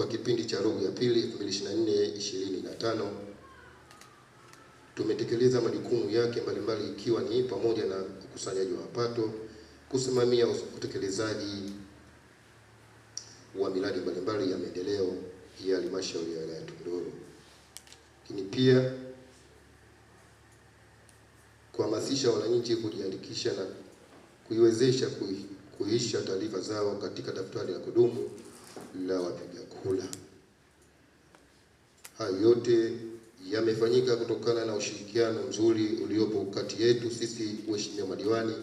kwa kipindi cha robo ya pili 2024 2025 tumetekeleza majukumu yake mbalimbali ikiwa ni pamoja na ukusanyaji wa mapato, kusimamia utekelezaji wa miradi mbalimbali ya maendeleo ya halmashauri ya wilaya Tunduru, lakini pia kuhamasisha wananchi kujiandikisha na kuiwezesha kuisha taarifa zao katika daftari la kudumu la wapiga kula Hayo yote yamefanyika kutokana na ushirikiano mzuri uliopo kati yetu sisi waheshimiwa madiwani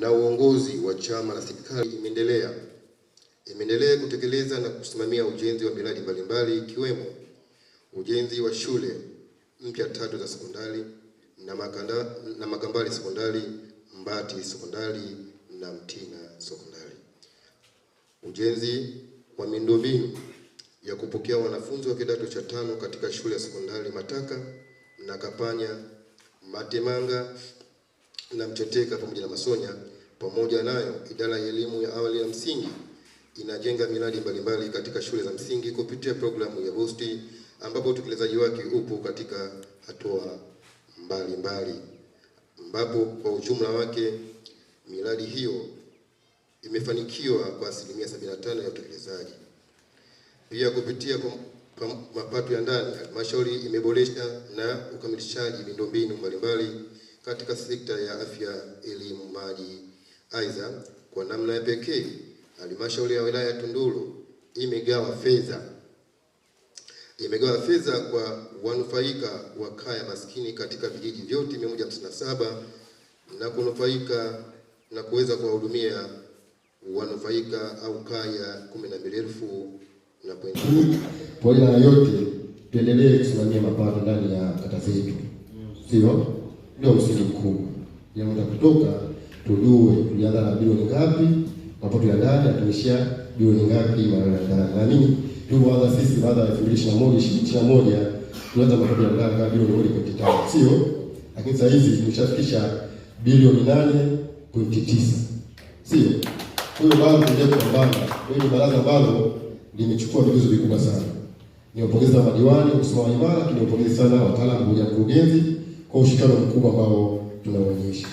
na uongozi wa chama na serikali imeendelea imeendelea kutekeleza na kusimamia ujenzi wa miradi mbalimbali ikiwemo ujenzi wa shule mpya tatu za sekondari na, makanda, na Makambali sekondari, Mbati sekondari na Mtina sekondari, ujenzi wa miundombinu ya kupokea wanafunzi wa kidato cha tano katika shule ya sekondari Mataka, na kapanya Matemanga na Mcheteka pamoja na Masonya. Pamoja nayo, idara ya elimu ya awali ya msingi inajenga miradi mbalimbali katika shule za msingi kupitia programu ya BOOST ambapo utekelezaji wake upo katika hatua mbalimbali, ambapo kwa ujumla wake miradi hiyo imefanikiwa kwa asilimia 75 ya utekelezaji. Pia kupitia kwa mapato ya ndani, halmashauri imeboresha na ukamilishaji miundombinu mbalimbali katika sekta ya afya, elimu, maji. Aidha, kwa namna ya pekee halmashauri ya wilaya ya Tunduru imegawa fedha imegawa fedha kwa wanufaika wa kaya maskini katika vijiji vyote 157 na kunufaika na kuweza kuwahudumia wanufaika au kaya kumi na mbili elfu na pointi. Kwa hiyo yote tuendelee kusimamia mapato ndani ya kata zetu, sio ndio msingi mkubwa. Inaenda kutoka tujue tulianza na bilioni ngapi, mapato ya ndani yatuishia bilioni ngapi mara ya ndani. Na Tulianza sisi baada ya 2021 2021 tulianza mapato ya ndani kama bilioni 1.5, sio lakini sasa hizi tumeshafikisha bilioni 8.9, sio huyo bado tunaendelea kupambana. Hili baraza ambalo limechukua vigezo vikubwa sana. Niwapongeze na madiwani kwa kusimama imara, lakini sana wataalamu wa mkurugenzi kwa ushirikiano mkubwa ambao tunaonyesha.